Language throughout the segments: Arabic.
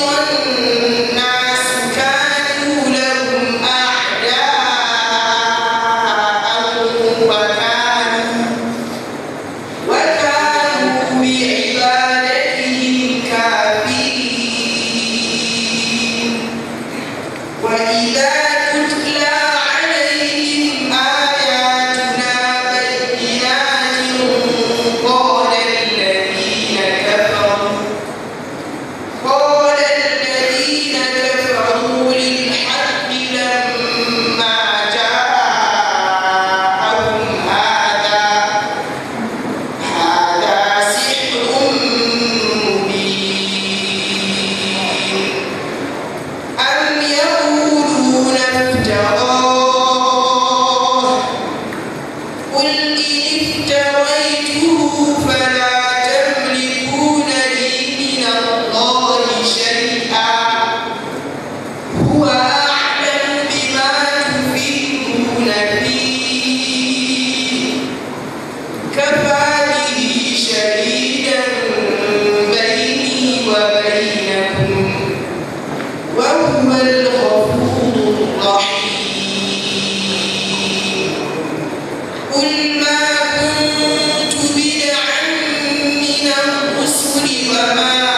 one e ele ما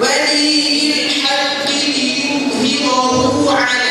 وَلِيِّ الْحَقِّ لِيُظْهِرَهُ عَلَى